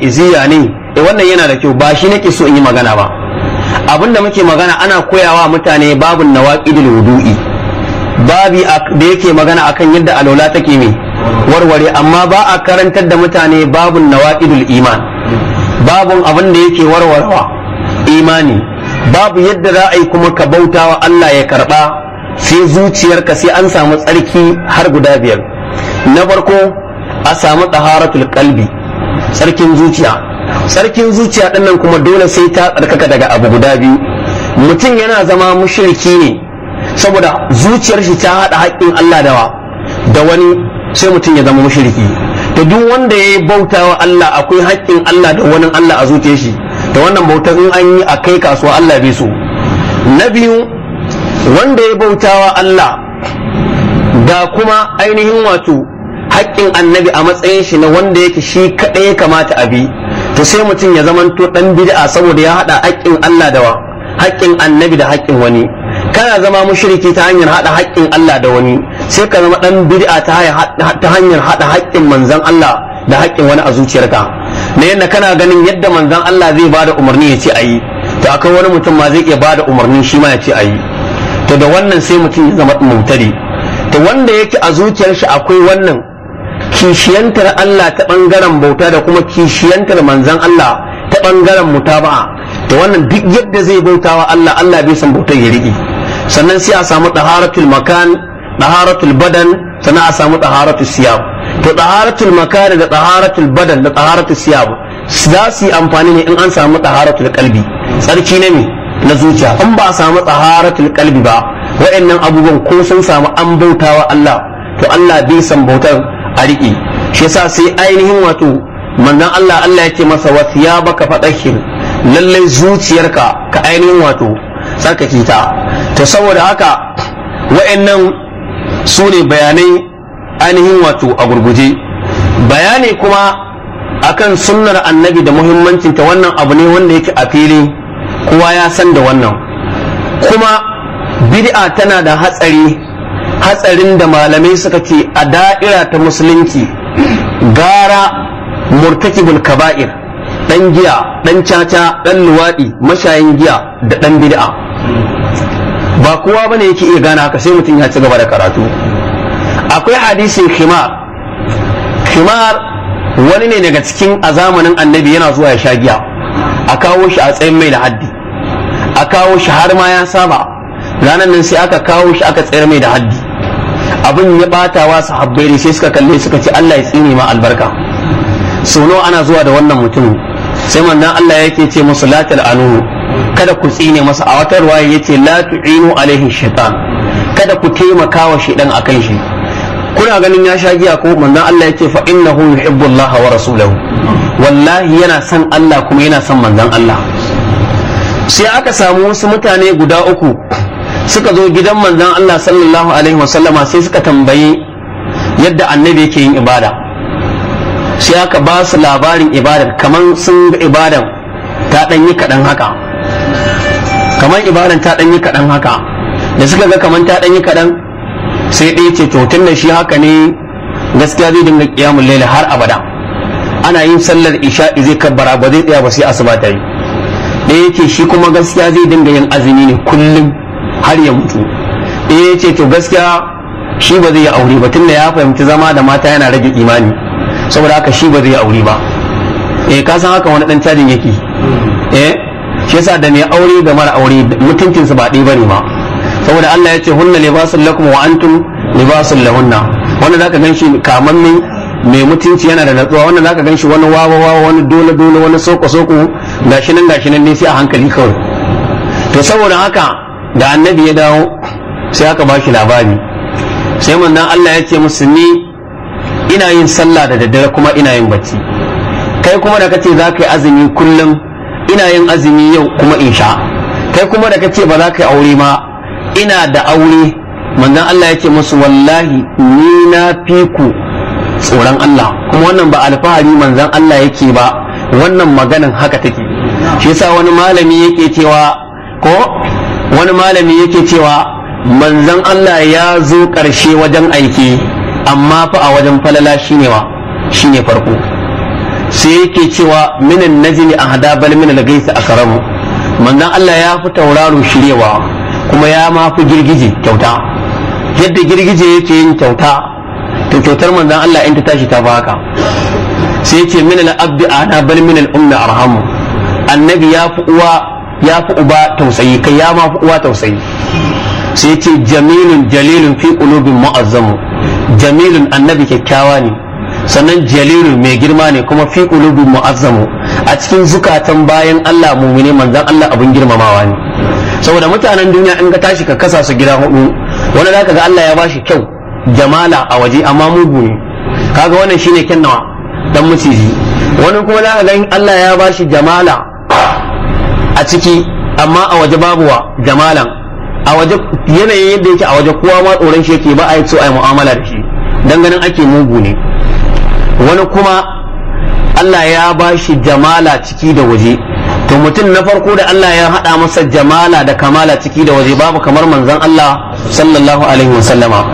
iziya ne e wannan yana da kyau ba shi nake so in yi magana ba abin da muke magana ana koyawa mutane babun nawaqidul wudu'i babi da yake magana akan yadda alola take me warware amma ba a karantar da mutane babun nawaqidul iman babun abin da yake warwarewa imani babu yadda za a yi kuma ka bautawa Allah ya karba sai zuciyarka sai an samu tsarki har guda biyar na farko a samu taharatul qalbi sarkin zuciya sarkin zuciya ɗin kuma dole sai ta tsarkaka daga abu guda biyu mutum yana zama mushriki ne saboda zuciyar shi ta haɗa haƙƙin Allah da da wani sai mutum ya zama mushriki to duk wanda ya bauta wa Allah akwai haƙƙin Allah da wani Allah a zuciyar shi da wannan bautar in an yi a kai kasuwa Allah bai so na biyu wanda ya bautawa Allah da kuma ainihin wato haƙƙin annabi a matsayin shi na wanda yake shi kaɗai kamata a bi to sai mutum ya zamanto ɗan bid'a saboda ya haɗa haƙƙin Allah da haƙƙin annabi da haƙƙin wani kana zama mushriki ta hanyar haɗa haƙƙin Allah da wani sai ka zama ɗan bid'a ta hanyar haɗa haƙƙin manzon Allah da haƙƙin wani a zuciyarka na yadda kana ganin yadda manzon Allah zai bada umarni ya ce a yi to akwai wani mutum ma zai iya bada umarni shi ma ya ce a yi to da wannan sai mutum ya zama mutari to wanda yake a zuciyar shi akwai wannan kishiyantar Allah ta bangaren bauta da kuma kishiyantar manzan Allah ta bangaren mutaba'a to wannan duk yadda zai bautawa Allah Allah bai san bautar ya riƙe sannan sai a samu taharatul makan taharatul badan sannan a samu taharatul siyab to taharatul makan da taharatul badan da taharatul siyab za su yi amfani ne in an samu taharatul kalbi tsarki ne na zuciya in ba a samu taharatul kalbi ba wa'annan abubuwan ko sun samu an bautawa Allah to Allah bai san bautar a riƙe shi yasa sai ainihin wato manzon Allah Allah yake masa wasiya baka shi lallai zuciyarka ka ainihin wato saka ta to saboda haka wa'annan su ne bayanai ainihin wato a gurguje bayani kuma akan sunnar annabi da muhimmancinta wannan abu ne wanda yake a fili kowa ya san da wannan kuma bid'a tana da hatsari hatsarin da malamai suka ce a da'ira ta musulunci gara murtakibul kaba'ir ɗan giya ɗan caca ɗan luwaɗi, mashayin giya da ɗan bid'a ba kowa ne yake iya gana haka sai mutum ya ci gaba da karatu akwai hadisin khimar khimar wani ne daga cikin a zamanin annabi yana zuwa ya sha giya a kawo shi a tsayin mai da haddi a kawo shi har ma ya saba ranar nan sai aka kawo shi aka tsayar mai da haddi abin ya bata wa sahabbai ne sai suka kalle suka ce Allah ya tsine ma albarka nawa ana zuwa da wannan mutum sai manzon Allah yake ce musu la tal'anu kada ku tsine masa a wata ruwaya yace la tu'inu alaihi shaitan kada ku taimaka wa shaitan akan shi kuna ganin ya sha giya ko manzon Allah yake fa innahu yuhibbu Allah wa rasulahu wallahi yana son Allah kuma yana son manzon Allah sai aka samu wasu mutane guda uku suka zo gidan manzan Allah sallallahu alaihi wasallama sai suka tambayi yadda annabi yake yin ibada sai aka ba su labarin ibadar kamar sun ga ibadar ta ɗanyi yi haka kamar ibadar ta ɗanyi kaɗan haka da suka ga kamar ta ɗanyi yi sai ɗaya ce to tun da shi haka ne gaskiya zai dinga ƙiyamun laila har abada ana yin sallar isha'i zai kabbara ba zai tsaya ba sai asuba ta yi ɗaya yake shi kuma gaskiya zai dinga yin azumi ne kullum har ya mutu eh ce to gaskiya shi ba zai yi aure ba tunda ya fahimci zama da mata yana rage imani saboda haka shi ba zai yi aure ba eh ka san haka wani dan cajin yake eh shi yasa da mai aure da mara aure mutuncin su ba ɗaya bane ma saboda Allah ya ce hunna libasul lakum wa antum libasul lahunna wannan zaka ganshi kamanni mai mutunci yana da natsuwa wannan zaka ganshi wani wawa wawa wani dole dole wani soko soko gashi nan gashi nan ne sai a hankali kawai to saboda haka da annabi ya dawo sai aka ba shi labari sai manzon Allah ya ce musu ni ina yin sallah da daddare kuma ina yin bacci kai kuma da kace za ka yi azumi kullum ina yin azumi yau kuma insha kai kuma da kace ba za ka yi aure ma ina da aure manzon Allah ya musu wallahi ni na fi ku tsoron Allah kuma wannan ba alfahari manzon Allah yake ba wannan maganan haka take shi yasa wani malami yake cewa ko wani malami yake cewa manzan Allah ya zo ƙarshe wajen aiki amma fa a wajen falala shinewa shine farko sai yake cewa minan najmi ahda bal min al a karamu, manzan Allah ya fi tauraro shirewa kuma ya ma fi girgije kyauta yadda girgije yake yin kyauta to kyautar manzan Allah in ta tashi ta baka sai yake min al-abdi ahda bal min al-ummi arhamu annabi ya fi uwa ya fi uba tausayi kai ya ma fi uwa tausayi sai ce jamilun jalilun fi ulubin mu'azzamu jamilun annabi kyakkyawa ne sannan jalilu mai girma ne kuma fi qulubin mu'azzamu a cikin zukatan bayan Allah mumine manzan Allah abin girmamawa ne saboda mutanen duniya in ka tashi ka kasa su gida hudu wani zaka ga Allah ya ba shi kyau jamala a waje amma mugu ne kaga wannan shine kyan nawa dan maciji wani kuma zaka ga Allah ya ba shi jamala a ciki amma a waje babu wa jamalan a waje yanayin yadda yake a waje kowa ma tsoron shi yake ba a yi so a yi mu'amala da shi dan ganin ake mugu ne wani kuma Allah ya ba shi jamala ciki da waje to mutum na farko da Allah ya haɗa masa jamala da kamala ciki da waje babu kamar manzon Allah sallallahu alaihi wasallama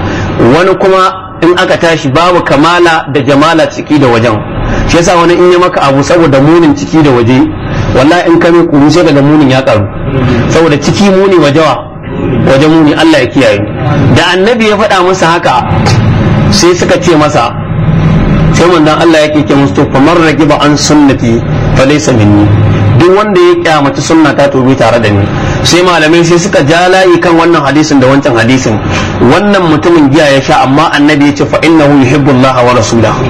wani kuma in aka tashi babu kamala da jamala ciki da wajen shi yasa wani in ya maka abu saboda munin ciki da waje wallahi in ka mai kuru sai daga munin ya karu saboda ciki muni wajawa waje muni Allah ya kiyaye da annabi ya faɗa masa haka sai suka ce masa sai manzon Allah ya ke musu to kamar ragiba an sunnati fa laysa minni duk wanda ya kyamaci sunna ta tobi tare da ni sai malamai sai suka ja layi kan wannan hadisin da wancan hadisin wannan mutumin giya ya sha amma annabi ya ce fa innahu yuhibbu Allah wa rasulahu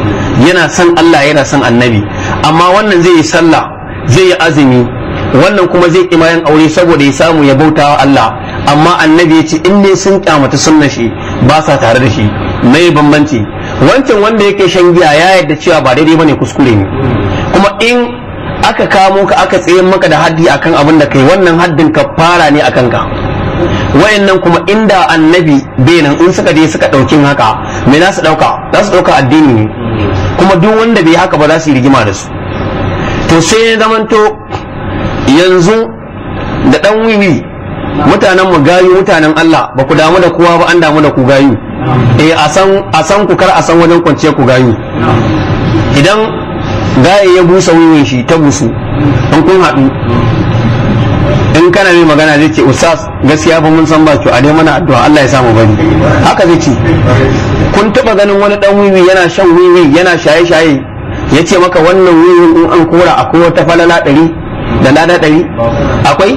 yana son Allah yana son annabi amma wannan zai yi sallah zai yi azumi wannan kuma zai yin aure saboda ya samu ya bauta wa Allah amma annabi ya ce in ne sun kyamata sunna shi ba sa tare da shi mai bambanci wancan wanda yake shan giya ya yadda cewa ba daidai bane kuskure ne kuma in aka kamo ka aka tsaye maka da haddi akan abin da kai wannan haddin ka fara ne akan ka wayannan kuma inda annabi nan in suka je suka ɗaukin haka me za su ɗauka za su ɗauka addini ne kuma duk wanda bai haka ba za su yi rigima da su to sai ya zamanto yanzu da ɗan wiwi mutanen mu gayu mutanen Allah ba ku damu da kowa ba an damu da ku gayu eh a san ku kar a san wajen kwanciya ku gayu idan gaye ya busa wiwin shi ta busu in kun haɗu in kana mai magana zai ce usas gaskiya fa mun san ba a dai mana addu'a Allah ya sa mu bari haka zai ce kun taba ganin wani dan wiwi yana shan wiwi yana shaye shaye ya ce maka wannan wuyin in an kora akwai wata falala ɗari da lada ɗari akwai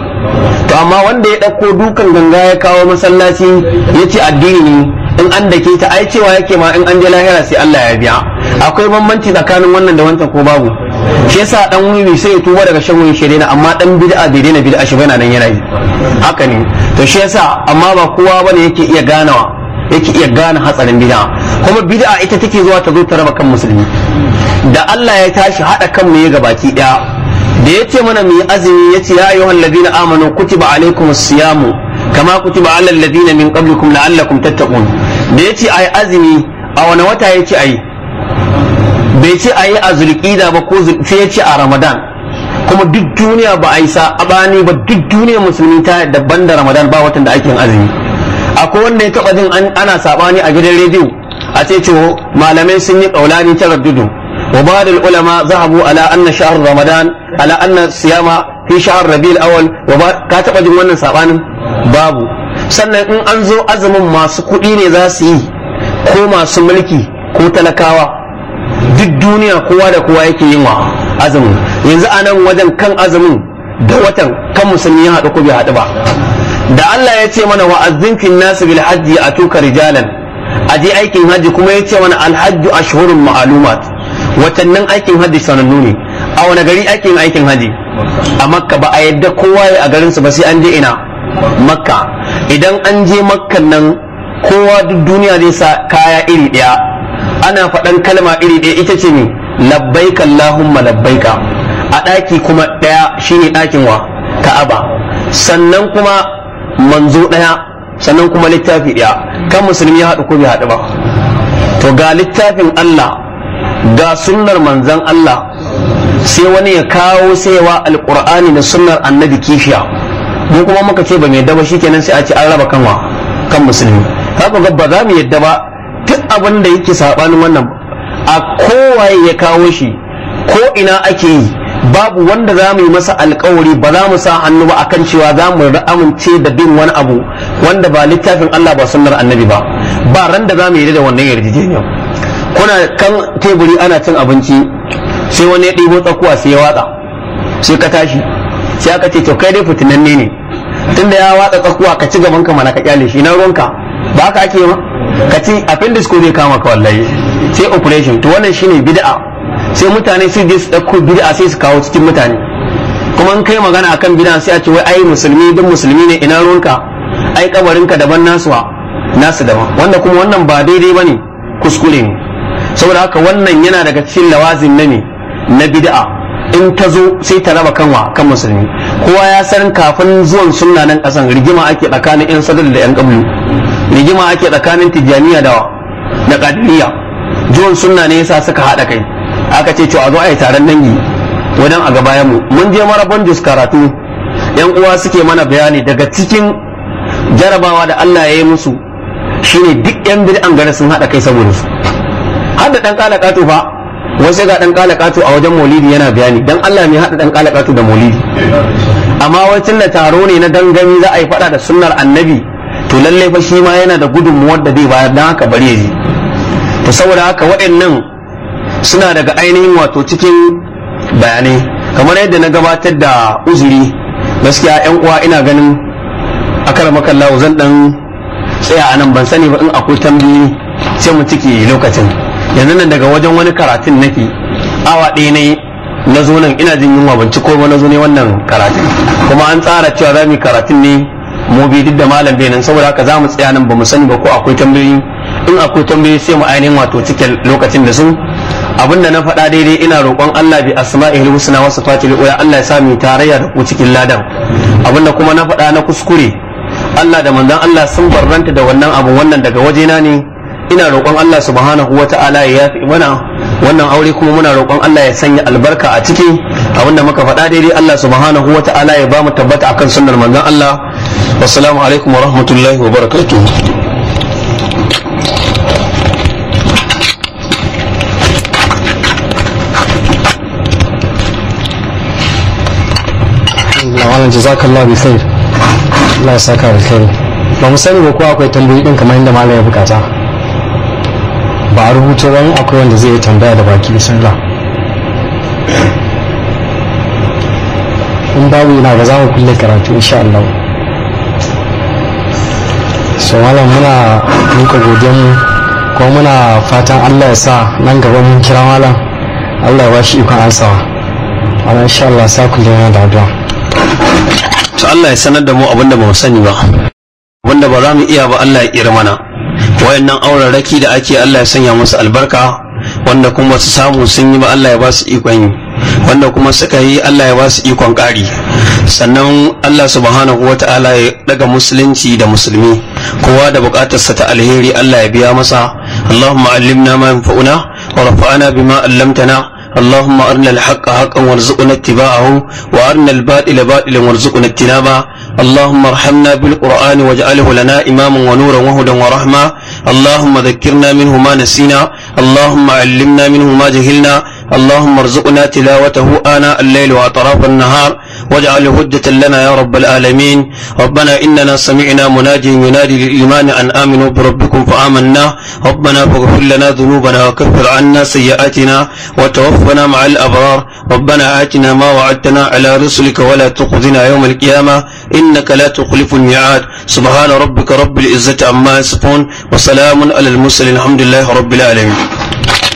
to amma wanda ya ɗauko dukan ganga ya kawo masallaci ya ce addini ne in an dake ta ai cewa yake ma in an je lahira sai Allah ya biya akwai bambanci tsakanin wannan da wancan ko babu shi yasa dan wuri sai ya tuba daga shan wuri shi amma dan bid'a bai daina bid'a shi bana nan yana yi haka ne to shi yasa amma ba kowa bane yake iya ganawa yake iya gane hatsarin bid'a kuma bid'a ita take zuwa ta zo ta raba kan musulmi da Allah ya tashi hada kan mu ya gabaki daya da yace mana mu yi azumi yace ya ayyuhal ladina amanu kutiba alaikumus siyamu kama kutiba alal ladina min qablikum la'allakum tattaqun da yace ayi azumi a wani wata yace ayi bai ce ayi a zulqida ba ko sai yace a ramadan kuma duk duniya ba a yi sa, abani ba duk duniya musulmi ta daban da ramadan ba watan da ake yin azumi akwai wanda ya taba jin ana sabani a gidan rediyo a ce cewa malamai sun yi kaulani ta raddudu wa ba'd ulama zahabu ala anna shahr ramadan ala anna siyama fi shahr rabiul awwal wa ka taba jin wannan sabanin babu sannan in an zo azumin masu kuɗi ne za su yi ko masu mulki ko talakawa duk duniya kowa da kowa yake yin wa azumin yanzu anan wajen kan azumin da watan kan musulmi ya haɗu ko bai haɗu ba da Allah ya ce mana wa'azzin fin nasu bil hajji a tuka rijalan aje aikin hajji kuma ya ce mana alhajju ashhurun ma'alumat watannin aikin hajji sanannu ne a wani gari aikin aikin hajji a makka ba a yadda kowa ya a su ba sai an je ina makka idan an je makkan nan kowa duk duniya zai sa kaya iri ɗaya ana faɗan kalma iri ɗaya ita ce ne labbaika allahumma labbaika a ɗaki kuma ɗaya shine ɗakin wa ka'aba sannan kuma manzo ɗaya sannan kuma littafi ɗaya kan musulmi ya haɗu ko bai haɗu ba to ga littafin Allah ga sunnar manzan Allah sai wani ya kawo saiwa alƙur'ani da sunnar annabi kifiya mu kuma muka ce ba mai daba shikenan sai a ce an raba kanwa kan musulmi haka ga ba za mu yadda ba duk abin da yake sabanin wannan a kowaye ya kawo shi ko ina ake yi babu wanda za mu yi masa alkawari ba za mu sa hannu ba akan cewa za mu amince da bin wani abu wanda ba littafin Allah ba sunnar annabi ba ba ran da za mu yi da wannan yarjejeniya kuna kan teburi ana cin abinci sai wani ya ɗibo tsakuwa sai ya watsa sai ka tashi sai aka ce to kai dai fitinanne ne tunda ya watsa tsakuwa ka ci gaban ka mana ka kyale shi na ruwanka ba ka ake ma ka ci appendix ko zai kama ka wallahi sai operation to wannan shine bid'a sai mutane su je su ɗauko bid'a sai su kawo cikin mutane kuma in kai magana akan bid'a sai a ce wai ai musulmi duk musulmi ne ina ruwanka ai kabarinka daban nasuwa nasu daban wanda kuma wannan ba daidai ba ne kuskure ne saboda haka wannan yana daga cikin lawazin na ne na bid'a in ta zo sai ta raba kanwa kan musulmi kowa ya san kafin zuwan sunna nan kasan rigima ake tsakanin yan sadar da yan kablu rigima ake tsakanin tijjaniya da da qadiriyya zuwan sunna ne yasa suka hada kai aka ce to a zo a yi taron dangi wajen a gaba mu mun je mara bonjus karatu yan uwa suke mana bayani daga cikin jarabawa da Allah ya yi musu shine duk yan bid'an gare sun hada kai saboda su har da dan kala katu fa wasu ga dan kala katu a wajen maulidi yana bayani dan Allah ne hada dan kala katu da maulidi amma wacin da taro ne na dangami za a yi fada da sunnar annabi to lallai fa shi ma yana da gudunmuwar da zai bayar dan haka ya ji to saboda haka waɗannan suna daga ainihin wato cikin bayanai kamar yadda na gabatar da uzuri gaskiya yan uwa ina ganin akar makallawo zan dan tsaya a nan ban sani ba in akwai tambayi sai mu ciki lokacin yanzu nan daga wajen wani karatun nake awa ɗaya ne na zo nan ina jin yunwa ban ci ko ba na zo ne wannan karatun kuma an tsara cewa za mu karatun ne mu bi duk da malam bai nan saboda haka za mu tsaya nan ba mu sani ba ko akwai tambayoyi in akwai tambayoyi sai mu ainihin wato cikin lokacin da su abinda na faɗa daidai ina roƙon Allah bi asma'il husna wa sifatil ula Allah ya sa mu tarayya da ku cikin ladan abinda kuma na faɗa na kuskure Allah da manzon Allah sun barranta da wannan abu wannan daga wajena ne ina roƙon Allah subhanahu wa ta'ala ya yafi mana wannan aure kuma muna roƙon Allah ya sanya albarka a ciki abinda muka faɗa daidai Allah subhanahu wa ta'ala ya ba mu tabbata akan sunnar manzon Allah wassalamu alaikum wa rahmatullahi wa barakatuh jazakallah bi khair Allah ya saka alkhairi ba mu sani ba ko akwai tambayoyi din kamar yadda malam ya bukata ba a rubuta wani akwai wanda zai yi tambaya da baki bismillah in babu yana ba za mu kulle karatu insha Allah so malam muna muka godiyar mu kuma muna fatan Allah ya sa nan gaba mun kira malam Allah ya bashi ikon ansawa ana insha Allah sa kulle yana da addu'a to Allah ya sanar da mu abinda ba mu sani ba da ba za mu iya ba Allah ya kira mana wayannan auren raki da ake Allah ya sanya musu albarka wanda kuma su samu sun yi ba Allah ya ba su ikon yi wanda kuma suka yi Allah ya ba su ikon ƙari sannan Allah subhanahu wa ta'ala ya daga musulunci da musulmi kowa da buƙatarsa ta alheri Allah ya biya masa Allahumma allimna ma yanfa'una wa rafa'ana bima allamtana اللهم أرنا الحق حقا وارزقنا اتباعه وأرنا الباطل باطلا وارزقنا اجتنابه اللهم ارحمنا بالقرآن واجعله لنا إماما ونورا وهدى ورحمة اللهم ذكرنا منه ما نسينا اللهم علمنا منه ما جهلنا اللهم ارزقنا تلاوته آناء الليل وأطراف النهار واجعل هدة لنا يا رب العالمين ربنا إننا سمعنا مناجي ينادي للإيمان أن آمنوا بربكم فآمنا ربنا فاغفر لنا ذنوبنا وكفر عنا سيئاتنا وتوفنا مع الأبرار ربنا آتنا ما وعدتنا على رسلك ولا تخذنا يوم القيامة إنك لا تخلف الميعاد سبحان ربك رب العزة عما يصفون وسلام على المرسلين الحمد لله رب العالمين